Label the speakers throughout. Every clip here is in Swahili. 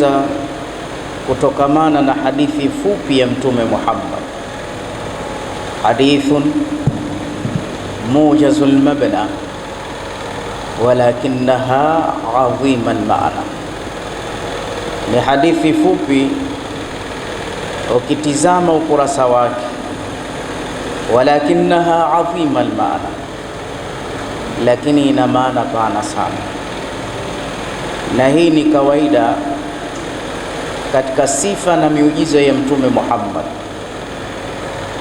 Speaker 1: za kutokamana na hadithi fupi ya Mtume Muhammad, hadithun mujazul mabna walakinaha adhima almaana. Ni hadithi fupi, ukitizama ukurasa wake, walakinaha adhima almaana, lakini ina maana pana sana, na hii ni kawaida katika sifa na miujiza ya Mtume Muhammad,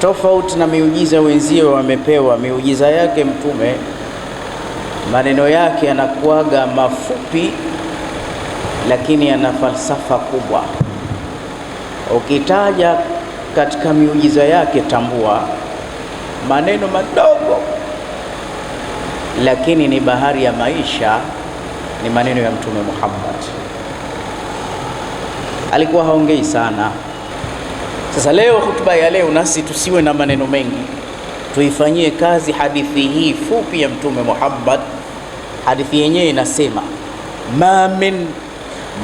Speaker 1: tofauti na miujiza wenzio wamepewa. Miujiza yake Mtume, maneno yake yanakuwaga mafupi, lakini yana falsafa kubwa. Ukitaja katika miujiza yake, tambua maneno madogo, lakini ni bahari ya maisha, ni maneno ya Mtume Muhammad alikuwa haongei sana. Sasa leo hutuba ya leo nasi tusiwe na maneno mengi, tuifanyie kazi hadithi hii fupi ya Mtume Muhammad. Hadithi yenyewe inasema ma min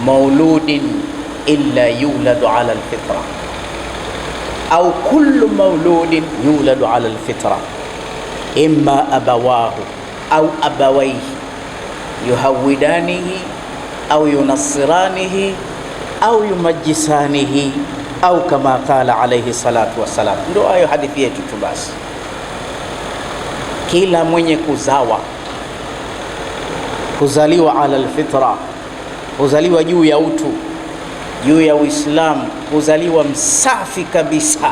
Speaker 1: mauludin illa yuladu ala alfitra au kullu mauludin yuladu ala alfitra imma abawahu au abawaihi yuhawidanihi au yunasiranihi au yumajisanihi au kama qala alayhi salatu wassalam. Ndio hayo hadithi yetu tu basi. Kila mwenye kuzawa huzaliwa ala alfitra, huzaliwa juu ya utu, juu ya Uislamu, huzaliwa msafi kabisa.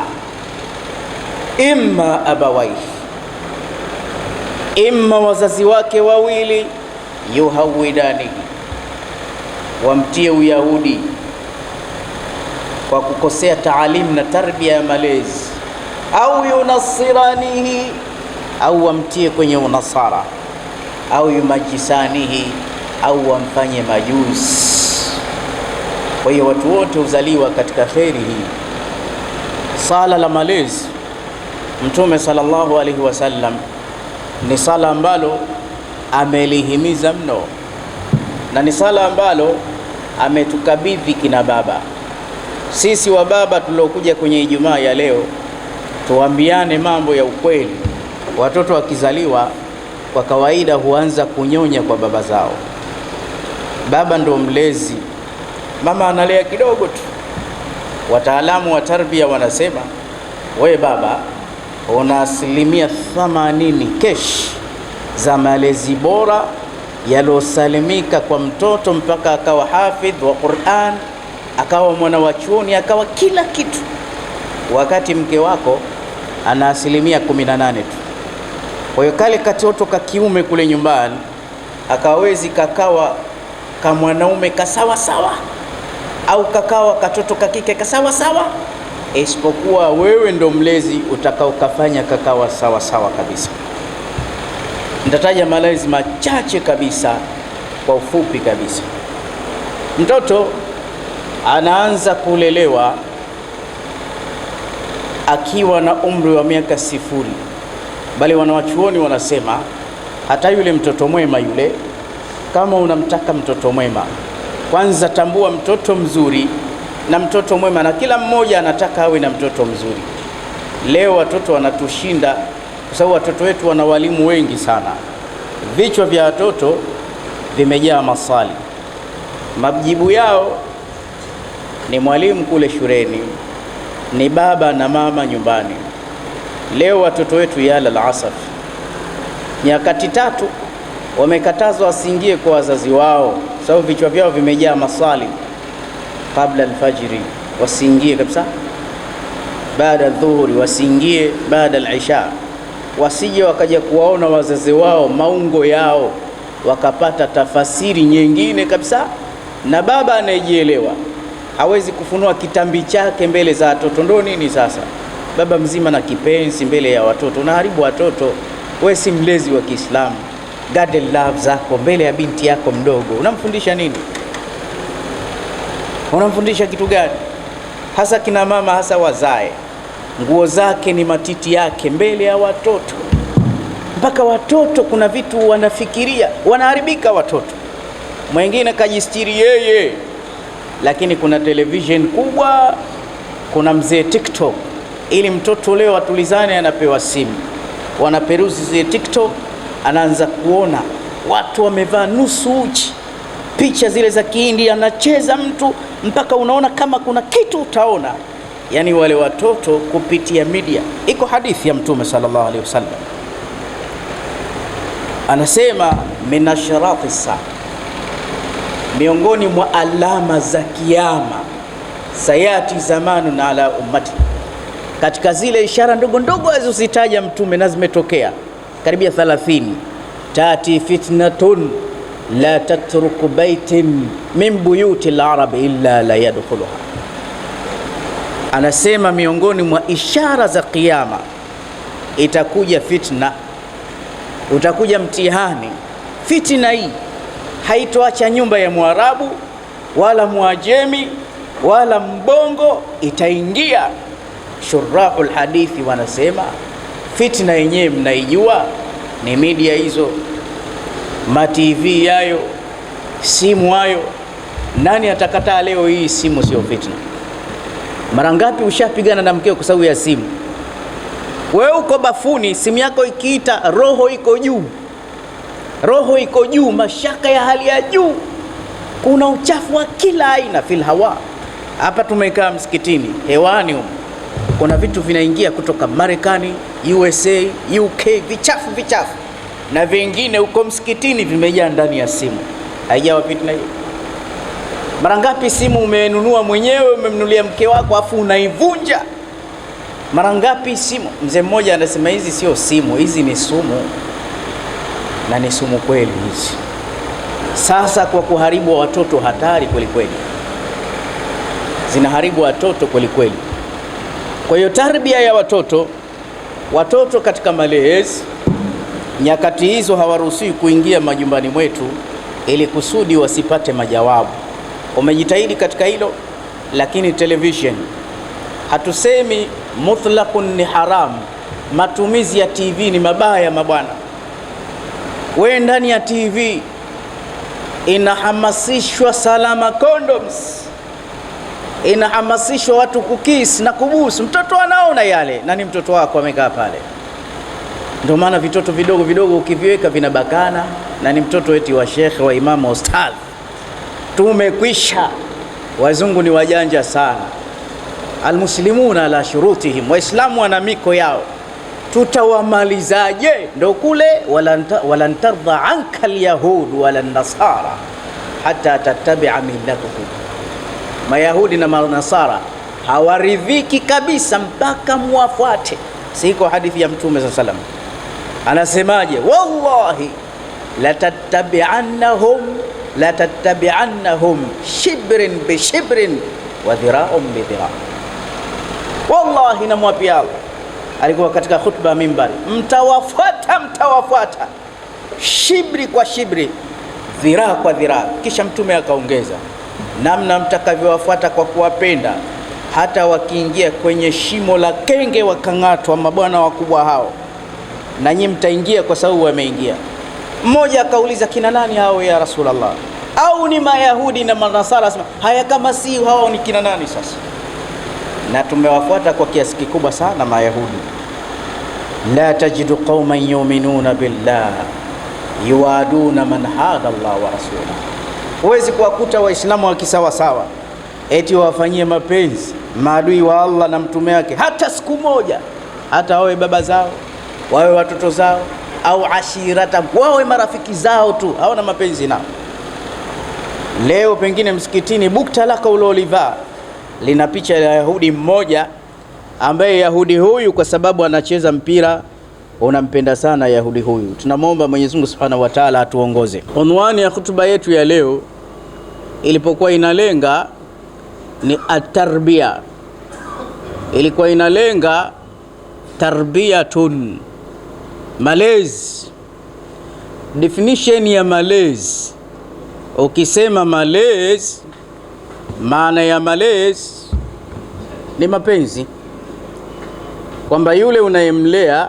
Speaker 1: Imma abawaihi, imma wazazi wake wawili, yuhawidanihi, wamtie Uyahudi kwa kukosea taalimu na tarbia ya malezi, au yunasiranihi, au wamtie kwenye unasara, au yumajisanihi, au wamfanye majusi. Kwa hiyo watu wote huzaliwa katika kheri hii. Sala la malezi Mtume sallallahu alaihi wasallam ni sala ambalo amelihimiza mno na ni sala ambalo ametukabidhi kina baba sisi wa baba tuliokuja kwenye Ijumaa ya leo tuambiane mambo ya ukweli. Watoto wakizaliwa kwa kawaida huanza kunyonya kwa baba zao. Baba ndo mlezi, mama analea kidogo tu. Wataalamu wa tarbia wanasema we baba una asilimia 80 kesh za malezi bora yaliosalimika kwa mtoto mpaka akawa hafidh wa Qur'an akawa mwana wa chuoni, akawa kila kitu, wakati mke wako ana asilimia 18 tu. Kwa hiyo kale katoto ka kiume kule nyumbani akawezi kakawa ka mwanaume kasawa sawa au kakawa katoto ka kike kasawa sawa, isipokuwa wewe ndo mlezi utakaokafanya kakawa sawa sawa kabisa. Nitataja malezi machache kabisa kwa ufupi kabisa. Mtoto anaanza kulelewa akiwa na umri wa miaka sifuri, bali wanawachuoni wanasema hata yule mtoto mwema yule, kama unamtaka mtoto mwema, kwanza tambua mtoto mzuri na mtoto mwema, na kila mmoja anataka awe na mtoto mzuri. Leo watoto wanatushinda kwa sababu watoto wetu wana walimu wengi sana. Vichwa vya watoto vimejaa maswali, majibu yao ni mwalimu kule shuleni, ni baba na mama nyumbani. Leo watoto wetu yala alasaf, nyakati tatu wamekatazwa wasiingie kwa wazazi wao, sababu vichwa vyao vimejaa maswali. Kabla alfajiri wasiingie kabisa, baada dhuhuri wasiingie, baada alisha wasije wakaja kuwaona wazazi wao maungo yao wakapata tafasiri nyingine kabisa, na baba anayejielewa hawezi kufunua kitambi chake mbele za watoto. Ndo nini sasa, baba mzima na kipenzi mbele ya watoto, unaharibu watoto. We si mlezi wa Kiislamu. Garden love zako mbele ya binti yako mdogo, unamfundisha nini? Unamfundisha kitu gani? Hasa kina mama, hasa wazae, nguo zake ni matiti yake mbele ya watoto. Mpaka watoto kuna vitu wanafikiria, wanaharibika watoto. Mwingine kajistiri yeye lakini kuna television kubwa, kuna mzee TikTok. Ili mtoto leo atulizane, anapewa simu, wanaperuzi zile TikTok, anaanza kuona watu wamevaa nusu uchi, picha zile za Kihindi, anacheza mtu mpaka unaona kama kuna kitu utaona. Yani wale watoto kupitia media. Iko hadithi ya Mtume sallallahu alaihi wasallam anasema, minasharati saa miongoni mwa alama za kiyama, sayati na ala ummati, katika zile ishara ndogo ndogo alizozitaja Mtume na zimetokea karibia 30, tati fitnatun la tatruku baitin min buyuti larabi illa la yadkhuluha. Anasema miongoni mwa ishara za kiyama itakuja fitna, utakuja mtihani. Fitna hii haitoacha nyumba ya Mwarabu wala Mwajemi wala Mbongo, itaingia. Shurahul hadithi wanasema fitna yenyewe mnaijua, ni media hizo, matv yayo, simu hayo. Nani atakataa leo hii simu sio fitna? Mara ngapi ushapigana na mkeo kwa sababu ya simu? Wewe uko bafuni, simu yako ikiita, roho iko juu roho iko juu, mashaka ya hali ya juu, kuna uchafu wa kila aina. Fil hawa, hapa tumekaa msikitini, hewani huko kuna vitu vinaingia kutoka Marekani, USA, UK, vichafu vichafu, na vingine huko msikitini vimejaa ndani ya simu. Haijawa fitna hiyo? Mara ngapi simu umenunua mwenyewe, umemnunulia mke wako, afu unaivunja? Mara ngapi simu? Mzee mmoja anasema hizi sio simu, hizi ni sumu na ni sumu kweli hizi. Sasa kwa kuharibu watoto hatari kweli kweli, zinaharibu watoto kweli kweli. Kwa hiyo tarbia ya watoto, watoto katika malezi nyakati hizo hawaruhusiwi kuingia majumbani mwetu ili kusudi wasipate majawabu. Umejitahidi katika hilo, lakini television, hatusemi mutlaqun ni haramu. Matumizi ya TV ni mabaya mabwana we ndani ya TV inahamasishwa salama condoms, inahamasishwa watu kukisi na kubusu. Mtoto anaona yale, na ni mtoto wako amekaa pale. Ndio maana vitoto vidogo vidogo ukiviweka vinabakana, na ni mtoto eti wa shekhe wa imamu wa Tumekwisha. Wazungu ni wajanja sana. Almuslimuna ala shurutihim, Waislamu wana miko yao tutawamalizaje? Ndo kule walantardha anka lyahudu wala nasara hata tattabia millatuhum, Mayahudi na Manasara hawaridhiki kabisa mpaka mwafuate Siko hadithi ya Mtume saa salam anasemaje? Wallahi latattabiannahum latattabiannahum shibrin bishibrin wa dhira'un bidhira', wallahi namwapia Allah alikuwa katika khutba mimbari, mtawafuata mtawafuata, shibri kwa shibri, dhiraa kwa dhiraa. Kisha Mtume akaongeza namna mtakavyowafuata kwa kuwapenda, hata wakiingia kwenye shimo la kenge wakang'atwa, mabwana wakubwa hao, na nyinyi mtaingia kwa sababu wameingia. Mmoja akauliza kina nani hao ya Rasulullah? Au ni Mayahudi na Manasara? Asema haya, kama si hao ni kina nani sasa? Na tumewafuata kwa kiasi kikubwa sana Mayahudi la tajidu qauman yuminuna billah yuwaduna man hada Allah wa rasulahu, huwezi kuwakuta Waislamu wakisawasawa eti wawafanyie mapenzi maadui wa Allah na mtume wake hata siku moja, hata wawe baba zao wawe watoto zao au ashirata wawe marafiki zao tu, hawana mapenzi nao. Leo pengine msikitini bukta lako ulolivaa lina picha ya Yahudi mmoja ambaye Yahudi huyu kwa sababu anacheza mpira unampenda sana Yahudi huyu. Tunamwomba Mwenyezi Mungu Subhanahu wa Ta'ala atuongoze. Onwani ya hutuba yetu ya leo ilipokuwa inalenga ni atarbia, ilikuwa inalenga tarbiyatun, malezi. Definition ya malezi, ukisema malezi, maana ya malezi ni mapenzi kwamba yule unayemlea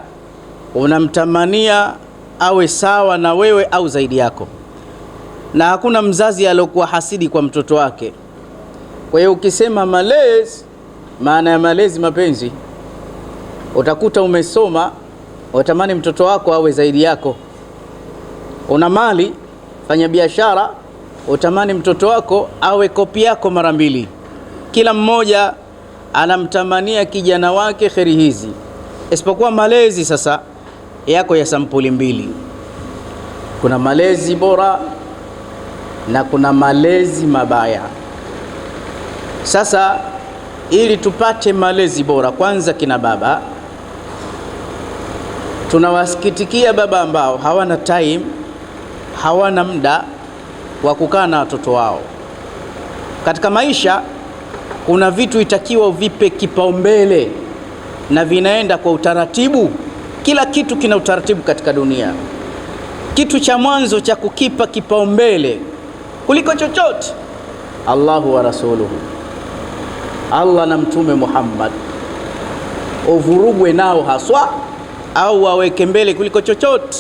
Speaker 1: unamtamania awe sawa na wewe au zaidi yako, na hakuna mzazi aliyokuwa hasidi kwa mtoto wake. Kwa hiyo ukisema malezi, maana ya malezi mapenzi. Utakuta umesoma watamani mtoto wako awe zaidi yako. Una mali, fanya biashara, utamani mtoto wako awe kopi yako mara mbili, kila mmoja anamtamania kijana wake kheri hizi, isipokuwa malezi sasa yako ya sampuli mbili. Kuna malezi bora na kuna malezi mabaya. Sasa ili tupate malezi bora, kwanza kina baba, tunawasikitikia baba ambao hawana time, hawana muda wa kukaa na watoto wao katika maisha kuna vitu itakiwa uvipe kipaumbele na vinaenda kwa utaratibu. Kila kitu kina utaratibu katika dunia. Kitu cha mwanzo cha kukipa kipaumbele kuliko chochote, Allahu wa rasuluhu, Allah na Mtume Muhammad, uvurugwe nao haswa au waweke mbele kuliko chochote.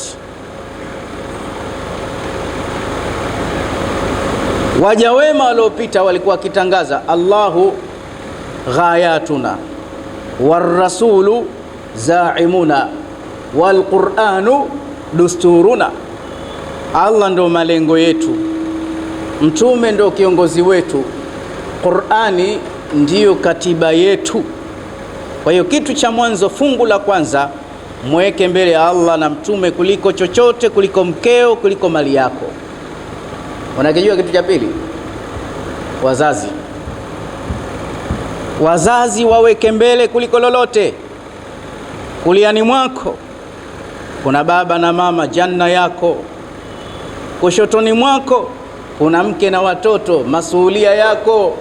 Speaker 1: Waja wema waliopita walikuwa wakitangaza Allahu ghayatuna warasulu zaimuna walquranu dusturuna, Allah ndo malengo yetu, mtume ndo kiongozi wetu, Qurani ndiyo katiba yetu. Kwa hiyo kitu cha mwanzo, fungu la kwanza, mweke mbele ya Allah na mtume kuliko chochote, kuliko mkeo, kuliko mali yako unakijua kitu cha pili, wazazi wazazi waweke mbele kuliko lolote. Kuliani mwako kuna baba na mama, janna yako. Kushotoni mwako kuna mke na watoto, masuhulia yako.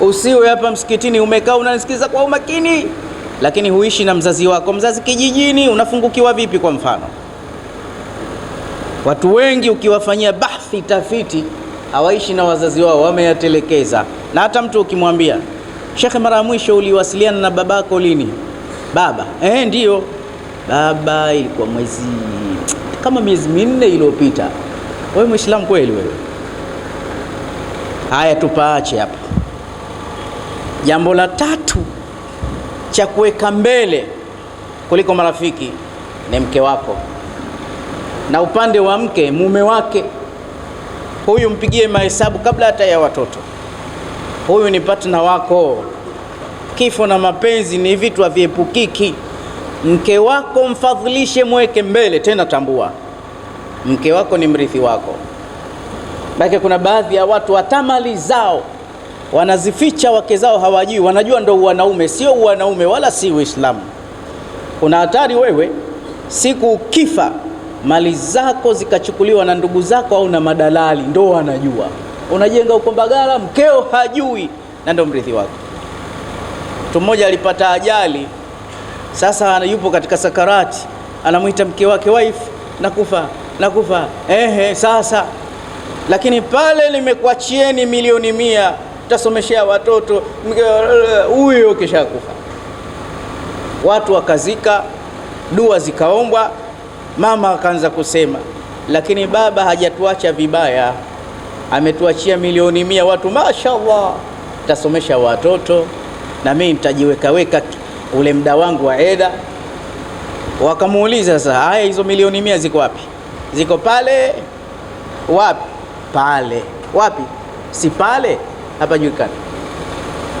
Speaker 1: Usiwe hapa msikitini umekaa unanisikiza kwa umakini, lakini huishi na mzazi wako. Mzazi kijijini, unafungukiwa vipi? Kwa mfano Watu wengi ukiwafanyia bahthi, tafiti, hawaishi na wazazi wao, wameyatelekeza. Na hata mtu ukimwambia shekhe, mara ya mwisho uliwasiliana na babako lini? Baba, eh, ndiyo baba, ilikuwa mwezi kama miezi minne iliyopita. Wewe Muislamu kweli wewe? Haya, tupaache hapa. Jambo la tatu cha kuweka mbele kuliko marafiki ni mke wako na upande wa mke mume wake huyu mpigie mahesabu kabla hata ya watoto. Huyu ni partner wako. Kifo na mapenzi ni vitu haviepukiki. Mke wako mfadhilishe, mweke mbele. Tena tambua, mke wako ni mrithi wako. Maana kuna baadhi ya watu hata mali zao wanazificha, wake zao hawajui, wanajua ndo uwanaume. Sio uwanaume wala si Uislamu. Kuna hatari wewe siku ukifa mali zako zikachukuliwa na ndugu zako au na madalali, ndo wanajua. Unajenga uko Mbagala, mkeo hajui na ndo mrithi wako. Mtu mmoja alipata ajali, sasa yupo katika sakarati, anamwita mke wake, wife, nakufa nakufa, ehe. Sasa lakini pale nimekuachieni milioni mia tasomeshea watoto huyo, kisha kufa. Watu wakazika, dua zikaombwa Mama akaanza kusema, lakini baba hajatuacha vibaya, ametuachia milioni mia watu, mashaallah, tasomesha watoto na mimi nitajiwekaweka ule mda wangu wa eda. Wakamuuliza, sasa haya, hizo milioni mia ziko wapi? Ziko pale. Wapi? Pale. Wapi? Si pale, hapa julikana.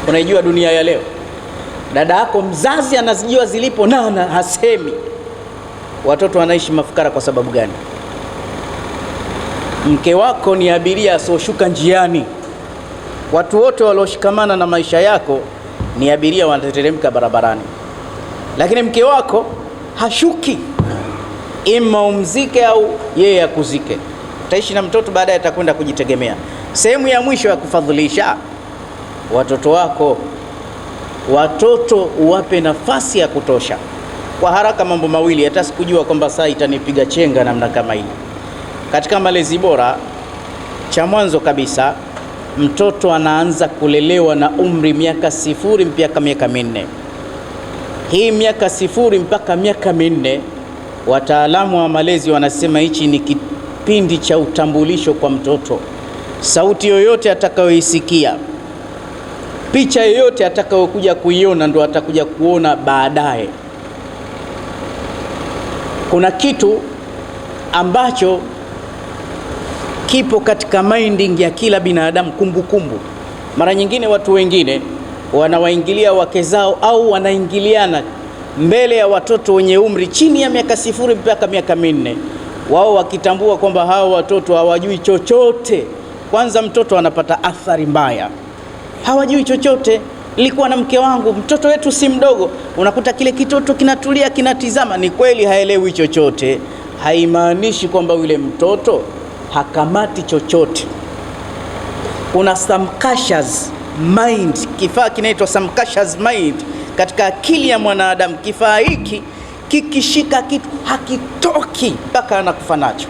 Speaker 1: Unaijua dunia ya leo, dada yako mzazi anazijua zilipo nana hasemi watoto wanaishi mafukara kwa sababu gani? Mke wako ni abiria asioshuka njiani. Watu wote walioshikamana na maisha yako ni abiria wanateremka barabarani, lakini mke wako hashuki, ima umzike au yeye akuzike. Utaishi na mtoto, baadaye atakwenda kujitegemea. Sehemu ya mwisho ya kufadhilisha watoto wako, watoto uwape nafasi ya kutosha kwa haraka mambo mawili, hata sikujua kwamba saa itanipiga chenga namna kama hii. Katika malezi bora, cha mwanzo kabisa, mtoto anaanza kulelewa na umri miaka sifuri mpaka miaka minne. Hii miaka sifuri mpaka miaka minne, wataalamu wa malezi wanasema hichi ni kipindi cha utambulisho kwa mtoto. Sauti yoyote atakayoisikia, picha yoyote atakayokuja kuiona, ndo atakuja kuona baadaye. Kuna kitu ambacho kipo katika minding ya kila binadamu, kumbukumbu. Mara nyingine watu wengine wanawaingilia wake zao au wanaingiliana mbele ya watoto wenye umri chini ya miaka sifuri mpaka miaka minne, wao wakitambua kwamba hawa watoto hawajui chochote. Kwanza mtoto anapata athari mbaya, hawajui chochote nilikuwa na mke wangu, mtoto wetu si mdogo. Unakuta kile kitoto kinatulia, kinatizama. Ni kweli haelewi chochote, haimaanishi kwamba yule mtoto hakamati chochote. Kuna samkashas mind, kifaa kinaitwa samkashas mind katika akili ya mwanadamu. Kifaa hiki kikishika kitu hakitoki mpaka anakufa nacho.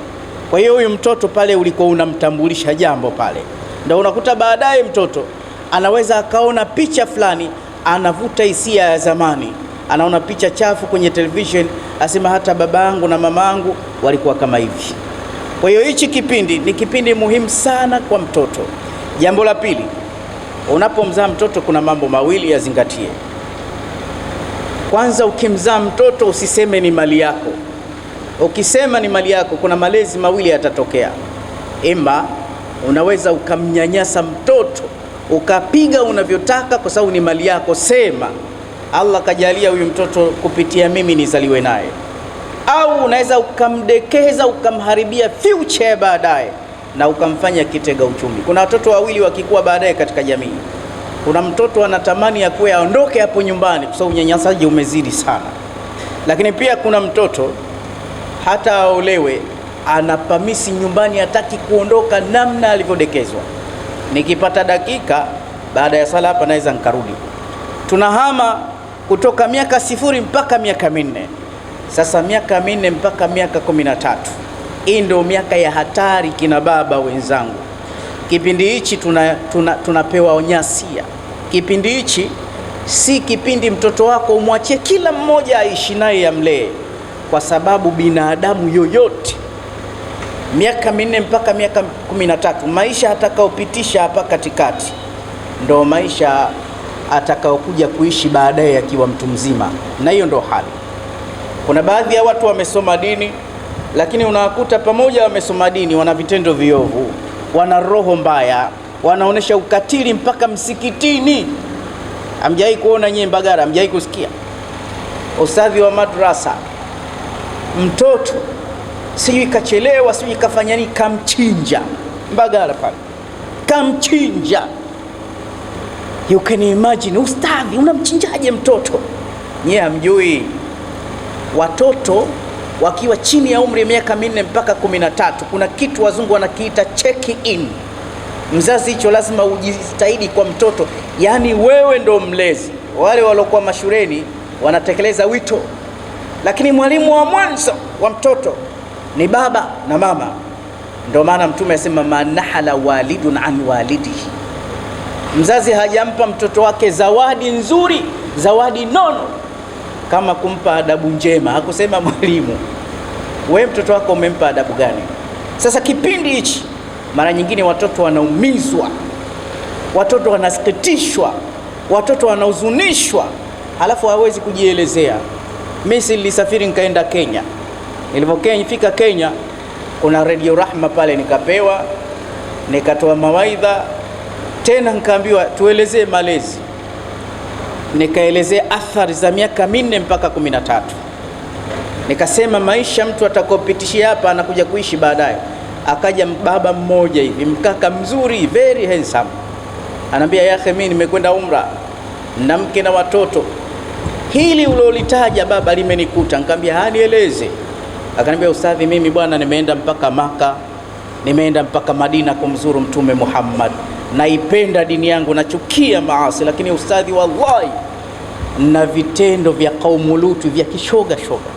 Speaker 1: Kwa hiyo huyu mtoto pale ulikuwa unamtambulisha jambo pale, ndio unakuta baadaye mtoto anaweza akaona picha fulani, anavuta hisia ya zamani, anaona picha chafu kwenye television, asema hata babangu na mamangu walikuwa kama hivi. Kwa hiyo hichi kipindi ni kipindi muhimu sana kwa mtoto. Jambo la pili, unapomzaa mtoto kuna mambo mawili yazingatie. Kwanza, ukimzaa mtoto usiseme ni mali yako. Ukisema ni mali yako, kuna malezi mawili yatatokea. Ima unaweza ukamnyanyasa mtoto ukapiga unavyotaka, kwa sababu ni mali yako. Sema Allah kajalia huyu mtoto kupitia mimi nizaliwe naye, au unaweza ukamdekeza ukamharibia future ya baadaye na ukamfanya kitega uchumi. Kuna watoto wawili wakikuwa baadaye katika jamii, kuna mtoto anatamani ya kuwe aondoke hapo nyumbani, kwa sababu unyanyasaji umezidi sana, lakini pia kuna mtoto hata aolewe anapamisi nyumbani, hataki kuondoka namna alivyodekezwa nikipata dakika baada ya sala hapa naweza nikarudi. Tunahama kutoka miaka sifuri mpaka miaka minne. Sasa miaka minne mpaka miaka kumi na tatu, hii ndio miaka ya hatari, kina baba wenzangu. Kipindi hichi tuna, tuna, tunapewa nyasia. Kipindi hichi si kipindi mtoto wako umwachie kila mmoja aishi naye amlee, kwa sababu binadamu yoyote miaka minne mpaka miaka kumi na tatu maisha atakayopitisha hapa katikati ndo maisha atakayokuja kuishi baadaye akiwa mtu mzima, na hiyo ndo hali. Kuna baadhi ya watu wamesoma dini, lakini unawakuta pamoja wamesoma dini, wana vitendo viovu, wana roho mbaya, wanaonesha ukatili mpaka msikitini. amjai kuona nyie Mbagara? amjai kusikia ustadhi wa madrasa mtoto sijui ikachelewa, sijui ikafanya nini, kamchinja Mbagala pale, kamchinja. You can imagine, ustadhi unamchinjaje mtoto? Nyie hamjui watoto wakiwa chini ya umri miaka minne mpaka kumi na tatu kuna kitu wazungu wanakiita check in. Mzazi hicho lazima ujistahidi kwa mtoto, yaani wewe ndo mlezi. Wale waliokuwa mashuleni wanatekeleza wito, lakini mwalimu wa mwanzo wa mtoto ni baba na mama. Ndio maana Mtume asema manahala walidun an walidihi, mzazi hajampa mtoto wake zawadi nzuri, zawadi nono kama kumpa adabu njema. Hakusema mwalimu, we mtoto wako umempa adabu gani? Sasa kipindi hichi, mara nyingine watoto wanaumizwa, watoto wanasikitishwa, watoto wanahuzunishwa, alafu hawezi kujielezea. Mimi nilisafiri nikaenda Kenya Nilipofika Kenya, kuna Radio Rahma pale, nikapewa nikatoa mawaidha tena, nikaambiwa tuelezee malezi, nikaelezea athari za miaka minne mpaka kumi na tatu. Nikasema maisha mtu atakopitishia hapa anakuja kuishi baadaye. Akaja baba mmoja hivi mkaka mzuri, very handsome, anaambia yahe, mimi nimekwenda umra na mke na watoto, hili ulolitaja baba limenikuta. Nikamwambia hanieleze Akaniambia, ustadhi, mimi bwana, nimeenda mpaka Maka, nimeenda mpaka Madina kumzuru Mtume Muhammad. Naipenda dini yangu, nachukia maasi, lakini ustadhi, wallahi na vitendo vya kaumu Lutu vya kishoga shoga,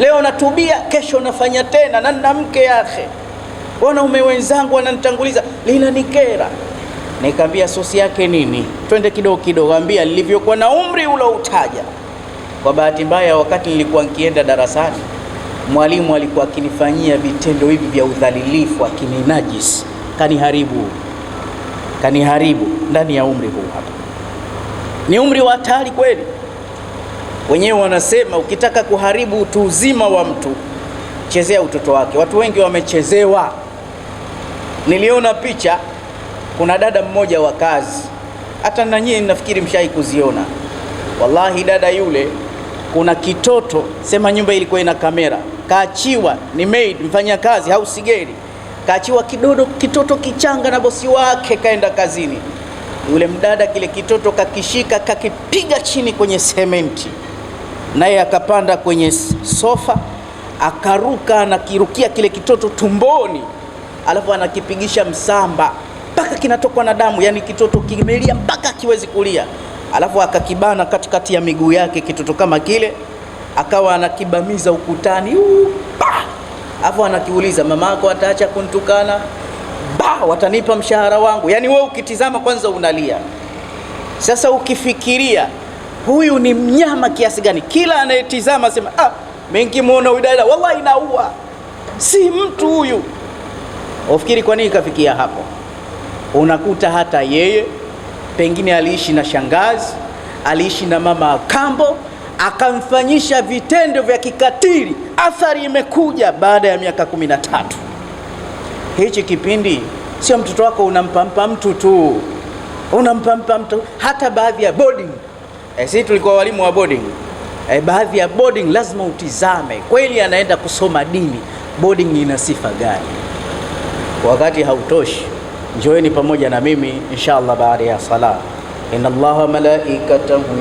Speaker 1: leo natubia, kesho nafanya tena, na nina mke yake, wanaume wenzangu wananitanguliza, linanikera. Nikaambia sosi yake nini, twende kidogo kidogo, ambia nilivyokuwa na umri uloutaja. Kwa bahati mbaya, wakati nilikuwa nkienda darasani mwalimu alikuwa akinifanyia vitendo hivi vya udhalilifu, akininajis, kaniharibu, kaniharibu ndani ya umri huu hapa. Ni umri wa hatari kweli. Wenyewe wanasema ukitaka kuharibu utu uzima wa mtu, chezea utoto wake. Watu wengi wamechezewa. Niliona picha, kuna dada mmoja wa kazi, hata na nyinyi nafikiri mshai kuziona. Wallahi, dada yule kuna kitoto sema, nyumba ilikuwa ina kamera, kaachiwa ni maid, mfanya kazi au sigeri, kaachiwa kidodo kitoto kichanga na bosi wake, kaenda kazini. Yule mdada kile kitoto kakishika, kakipiga chini kwenye sementi, naye akapanda kwenye sofa, akaruka, anakirukia kile kitoto tumboni, alafu anakipigisha msamba mpaka kinatokwa na damu, yani kitoto kimelia mpaka kiwezi kulia alafu akakibana katikati ya miguu yake kitoto kama kile, akawa anakibamiza ukutani alafu anakiuliza, mamako ataacha kuntukana? Ba, watanipa mshahara wangu. Yani wewe ukitizama kwanza unalia. Sasa ukifikiria huyu ni mnyama kiasi gani, kila anayetizama sema ah, mengimwona huyu dada wallahi inaua, si mtu huyu. Ufikiri kwa nini kafikia hapo? Unakuta hata yeye Pengine aliishi na shangazi, aliishi na mama kambo, akamfanyisha vitendo vya kikatili. Athari imekuja baada ya miaka kumi na tatu. Hichi kipindi sio mtoto wako unampampa mtu tu, unampampa mtu hata baadhi ya boarding. E, sisi tulikuwa walimu wa boarding e, baadhi ya boarding lazima utizame kweli anaenda kusoma dini, boarding ina sifa gani? Wakati hautoshi. Njoeni pamoja na mimi inshallah baada ya sala. Inna Allaha malaikatahu